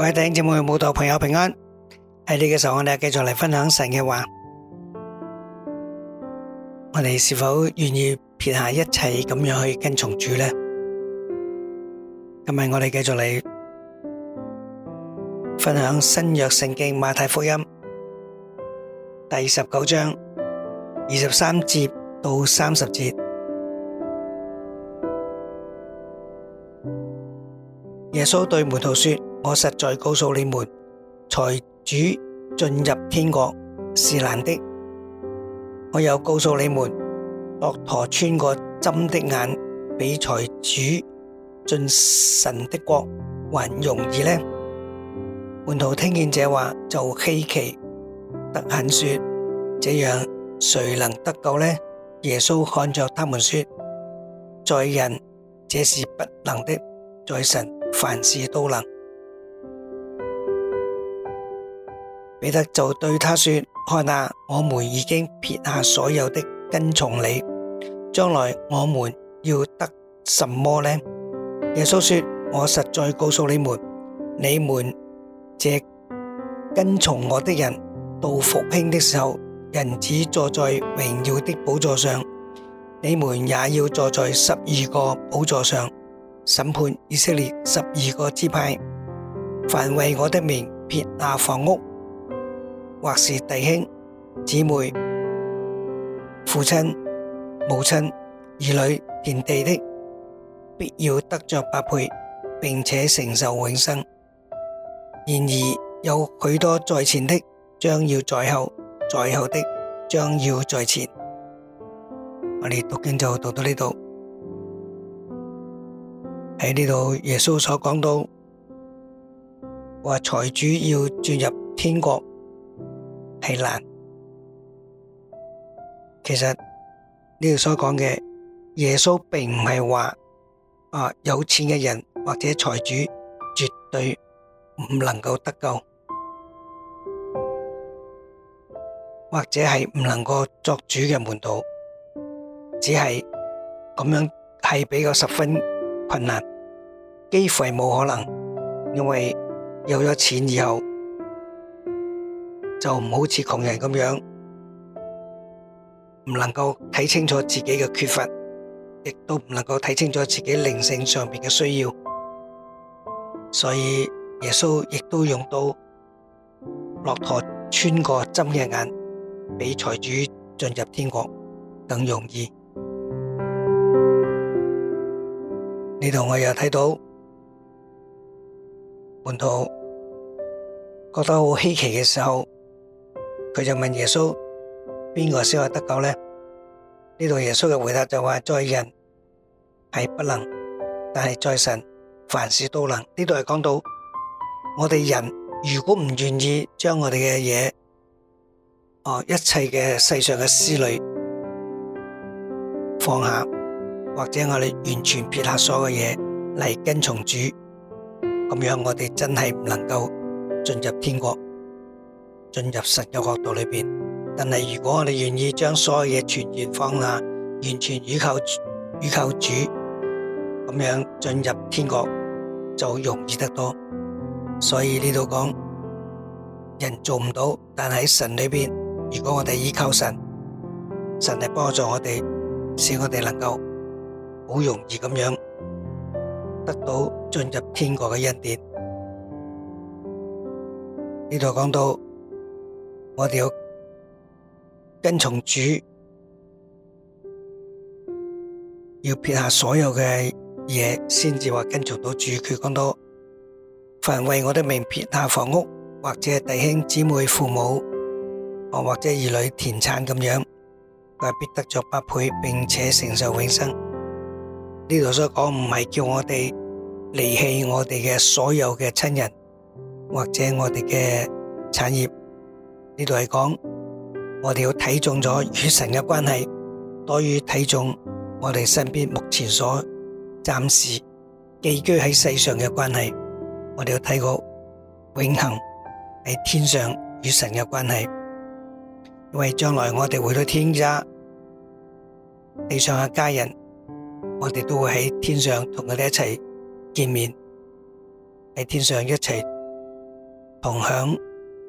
各位弟兄姊妹、信徒朋友平安，喺呢個時候我哋繼續嚟分享神嘅話，我哋是否願意撇下一切咁樣去跟從主呢？今日我哋繼續嚟分享新約聖經馬太福音第十九章二十三節到三十節，耶穌對門徒說。我實在告訴你們，財主進入天國是難的。我又告訴你們，駱駝穿過針的眼，比財主進神的國還容易呢。門徒聽見這話就希奇，得很說：這樣誰能得救呢？耶穌看着他們說：在人這是不能的，在神凡事都能。彼得就對他說：看啊，我們已經撇下所有的跟從你，將來我們要得什麼呢？耶穌說：我實在告訴你們，你們這跟從我的人，到復興的時候，人只人子坐在榮耀的寶座上，你們也要坐在十二個寶座上，審判以色列十二個支派。凡為我的名撇下房屋。或是弟兄、姊妹、父親、母親、兒女、田地的，必要得着百倍，並且承受永生。然而有許多在前的，將要在後；在後的，將要在前。我哋讀經就讀到呢度，喺呢度耶穌所講到，話財主要進入天國。係難，其實呢度所講嘅耶穌並唔係話，啊有錢嘅人或者財主絕對唔能夠得救，或者係唔能夠作主嘅門徒，只係咁樣係比較十分困難，幾乎係冇可能，因為有咗錢以後。就唔好似窮人咁樣，唔能夠睇清楚自己嘅缺乏，亦都唔能夠睇清楚自己靈性上面嘅需要，所以耶穌亦都用到駱駝穿過針嘅眼，俾財主進入天國更容易。呢度我又睇到門徒覺得好稀奇嘅時候。佢就問耶穌：邊個先會得救呢？呢度耶穌嘅回答就話：在人係不能，但係在神凡事都能。呢度係講到我哋人如果唔願意將我哋嘅嘢，哦一切嘅世上嘅思慮放下，或者我哋完全撇下所有嘢嚟跟從主，咁樣我哋真係唔能夠進入天國。進入神嘅角度裏面，但係如果我哋願意將所有嘢全然放下，完全倚靠倚靠主，咁樣進入天國就容易得多。所以呢度講人做唔到，但喺神裏面，如果我哋倚靠神，神係幫助我哋，使我哋能夠好容易咁樣得到進入天國嘅恩典。呢度講到。我哋要跟從主，要撇下所有嘅嘢，先至話跟從到主。佢講到凡為我的名撇下房屋或者弟兄姊妹父母，哦或者兒女田產咁樣，佢係必得着百倍，並且承受永生。呢度所講唔係叫我哋離棄我哋嘅所有嘅親人，或者我哋嘅產業。呢度係講，我哋要睇重咗與神嘅關係，多於睇重我哋身邊目前所暫時寄居喺世上嘅關係。我哋要睇過永恒喺天上與神嘅關係，因為將來我哋回到天家，地上嘅家人，我哋都會喺天上同佢哋一齊見面，喺天上一齊同享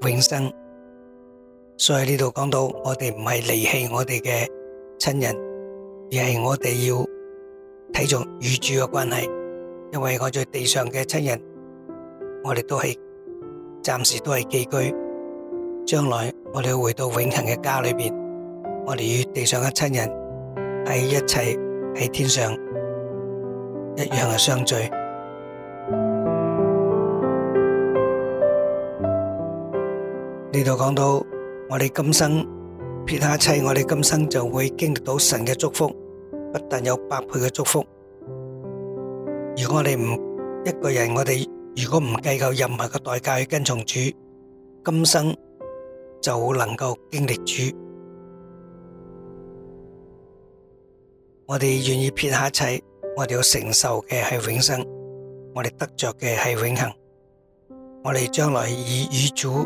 永生。所以呢度講到，我哋唔係離棄我哋嘅親人，而係我哋要睇重與主嘅關係。因為我在地上嘅親人，我哋都係暫時都係寄居，將來我哋回到永恒嘅家裏面，我哋與地上嘅親人喺一齊，喺天上一樣嘅相聚。呢度講到。我哋今生撇下一切，我哋今生就會經歷到神嘅祝福，不但有百倍嘅祝福。如果我哋唔一個人，我哋如果唔計較任何嘅代價去跟從主，今生就能夠經歷主。我哋願意撇下一切，我哋要承受嘅係永生，我哋得着嘅係永恆，我哋將來以與主。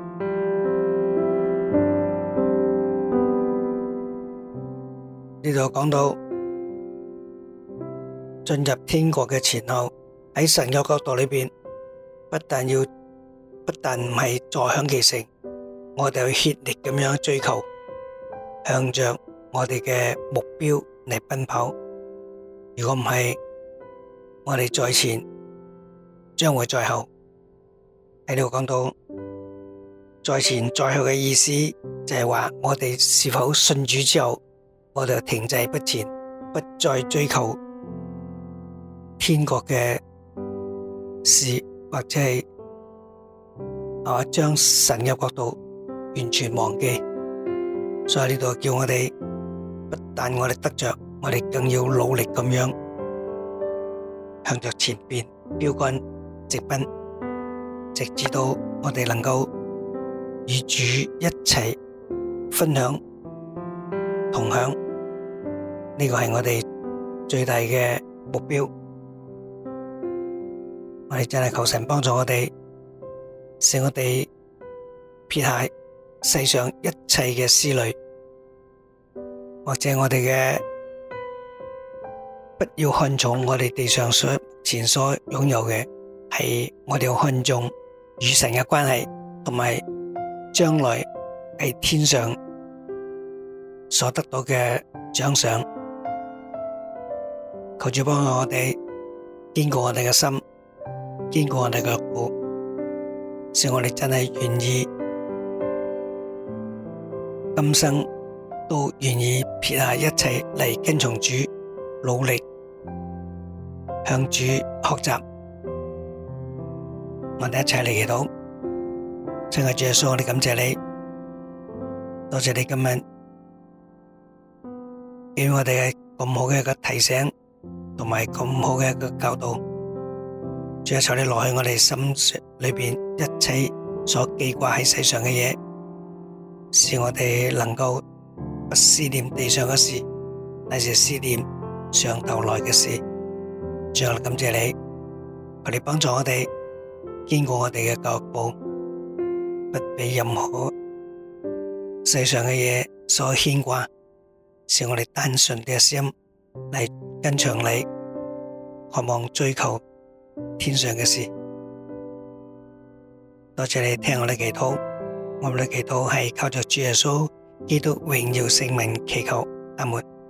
呢度講到進入天國嘅前後，喺神嘅角度裏面，不但要不但唔係坐享其成，我哋要竭力咁樣追求，向着我哋嘅目標嚟奔跑。如果唔係，我哋在前，將會在後。喺呢度講到在前在後嘅意思就是說，就係話我哋是否信主之後。我哋停滯不前，不再追求天國嘅事，或者係係將神嘅國度完全忘記。所以呢度叫我哋不但我哋得着，我哋更要努力咁樣，向着前邊標杆直奔，直至到我哋能夠與主一齊分享。同享呢、這個係我哋最大嘅目標，我哋真係求神幫助我哋，使我哋撇下世上一切嘅思慮，或者我哋嘅不要看重我哋地上所前所擁有嘅，係我哋要看重與神嘅關係，同埋將來係天上。所得到嘅獎賞，求主幫助我哋堅固我哋嘅心，堅固我哋嘅腳步，使我哋真係願意，今生都願意撇下一切嚟跟從主，努力向主學習，我哋一齊嚟祈禱，親愛嘅主耶穌，我哋感謝你，多謝你今日。俾我哋嘅咁好嘅一個提醒，同埋咁好嘅一個教導，主啊，求你落喺我哋心上裏邊一切所記掛喺世上嘅嘢，使我哋能夠不思念地上嘅事，乃是思念上頭來嘅事。主啊，感謝你，求你幫助我哋經過我哋嘅腳步，不被任何世上嘅嘢所牽掛。是我哋單純嘅聲音嚟跟隨你，渴望追求天上嘅事。多謝你聽我哋祈禱，我哋嘅祈禱係靠着主耶穌基督榮耀聖名祈求，阿門。